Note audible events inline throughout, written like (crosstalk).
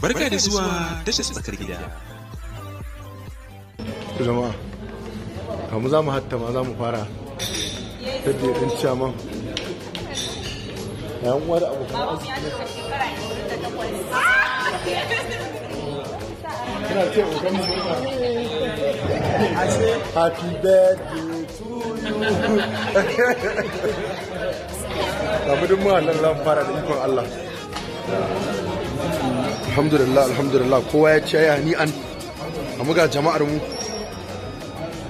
Barka da zuwa tashar tsakar gida. Jama'a, kamu za mu hattama za mu fara yadda ya ɗan caman. Yan uwa da abokan arziki. Happy birthday to you. Kamu (laughs) duk mu nan lamfara da ikon Allah. alhamdulillah alhamdulillah kowa ya ce ya ni an amma ga jama'ar mu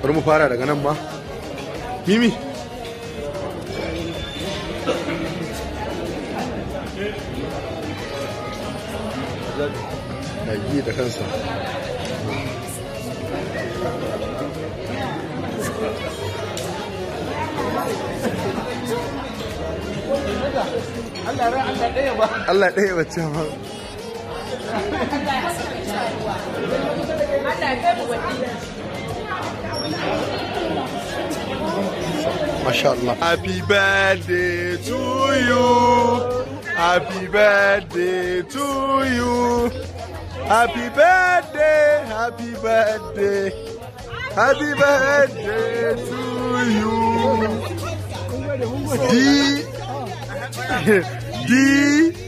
bari mu fara daga nan ma mimi yi da kansa Allah ba. Allah ba ce ما شاء الله Happy birthday to you. Happy birthday to you. Happy birthday, happy birthday. Happy birthday to you. D. D.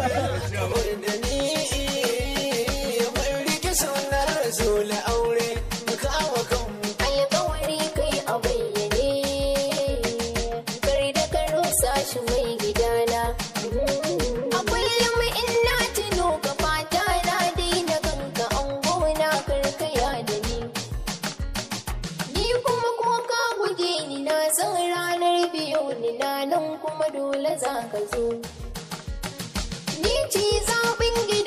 kaya da ni ni kuma kuma ka guje ni na san ranar biyu ni na nan kuma dole za ka zo ni ci zaɓin gida